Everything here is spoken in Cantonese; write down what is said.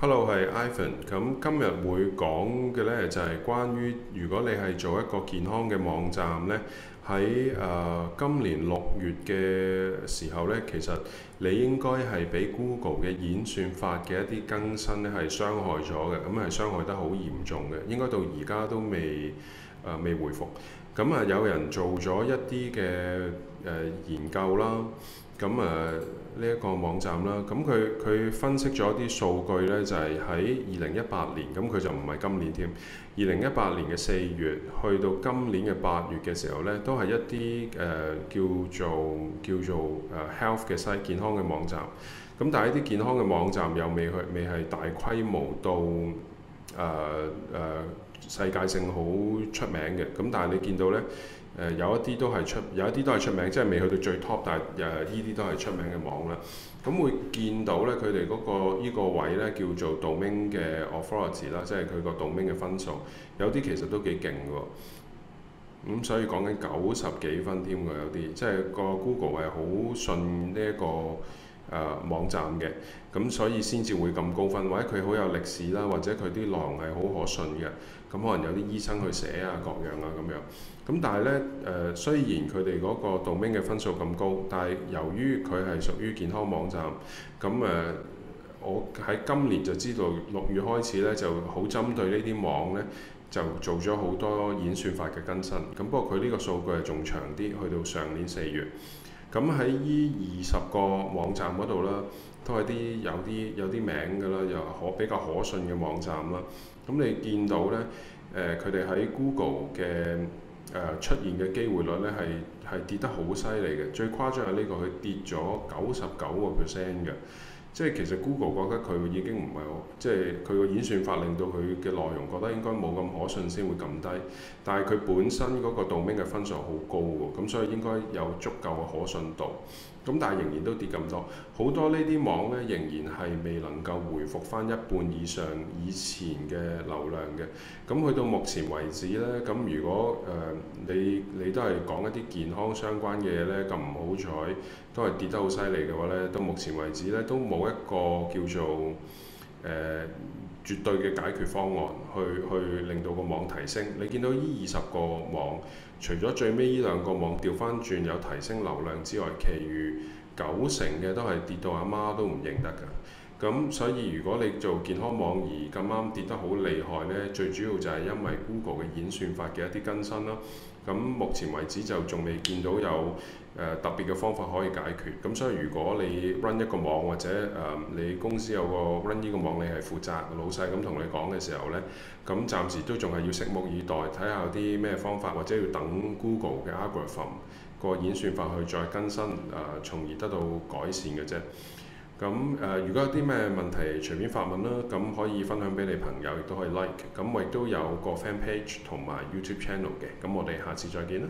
Hello，係 Ivan That, about, website, in,、uh,。咁今日會講嘅呢就係關於如果你係做一個健康嘅網站呢喺誒今年六月嘅時候呢，其實你應該係俾 Google 嘅演算法嘅一啲更新呢係傷害咗嘅，咁係傷害得好嚴重嘅，應該到而家都未。誒、啊、未回覆，咁、嗯、啊有人做咗一啲嘅誒研究啦，咁啊呢一個網站啦，咁佢佢分析咗啲數據呢，就係喺二零一八年，咁、嗯、佢就唔係今年添，二零一八年嘅四月去到今年嘅八月嘅時候呢，都係一啲誒、呃、叫做叫做誒、啊、health 嘅西健康嘅網站，咁、嗯、但係啲健康嘅網站又未去未係大規模到誒誒。呃呃世界性好出名嘅，咁但係你見到呢，誒、呃、有一啲都係出有一啲都係出名，即係未去到最 top，但係誒依啲都係出名嘅網啦。咁、嗯、會見到呢，佢哋嗰個依、這個位呢叫做 domain 嘅 authority 啦，即係佢個 domain 嘅分數，有啲其實都幾勁喎。咁所以講緊九十幾分添喎，有啲即係個 Google 係好信呢、這、一個。誒、啊、網站嘅，咁所以先至會咁高分，或者佢好有歷史啦，或者佢啲內容係好可信嘅，咁可能有啲醫生去寫啊，各樣啊咁樣。咁但係呢，誒、呃、雖然佢哋嗰個 domain 嘅分數咁高，但係由於佢係屬於健康網站，咁誒、呃、我喺今年就知道六月開始呢就好針對呢啲網呢，就做咗好多演算法嘅更新。咁不過佢呢個數據係仲長啲，去到上年四月。咁喺依二十個網站嗰度啦，都係啲有啲有啲名嘅啦，又可比較可信嘅網站啦。咁你見到呢，呃、佢哋喺 Google 嘅、呃、出現嘅機會率呢，係係跌得好犀利嘅，最誇張係呢個，佢跌咗九十九個 percent 嘅。即係其實 Google 覺得佢已經唔係好，即係佢個演算法令到佢嘅內容覺得應該冇咁可信先會咁低，但係佢本身嗰個 domain 嘅分數好高喎，咁所以應該有足夠嘅可信度。咁但係仍然都跌咁多，好多呢啲網呢，仍然係未能夠回復返一半以上以前嘅流量嘅。咁去到目前為止呢，咁如果誒、呃、你你都係講一啲健康相關嘅嘢呢，咁唔好彩都係跌得好犀利嘅話呢，到目前為止呢，都冇一個叫做誒，呃絕對嘅解決方案，去去令到個網提升。你見到呢二十個網，除咗最尾呢兩個網掉返轉有提升流量之外，其餘九成嘅都係跌到阿媽都唔認得㗎。咁所以如果你做健康網而咁啱跌得好厲害呢，最主要就係因為 Google 嘅演算法嘅一啲更新啦。咁目前為止就仲未見到有誒、呃、特別嘅方法可以解決。咁所以如果你 run 一個網或者誒、呃、你公司有個 run 呢個網，你係負責老細咁同你講嘅時候呢，咁暫時都仲係要拭目以待，睇下有啲咩方法或者要等 Google 嘅 algorithm 個演算法去再更新誒，從、呃、而得到改善嘅啫。咁誒、呃，如果有啲咩問題，隨便發問啦。咁可以分享俾你朋友，亦都可以 like。咁我亦都有個 fan page 同埋 YouTube channel 嘅。咁我哋下次再見啦。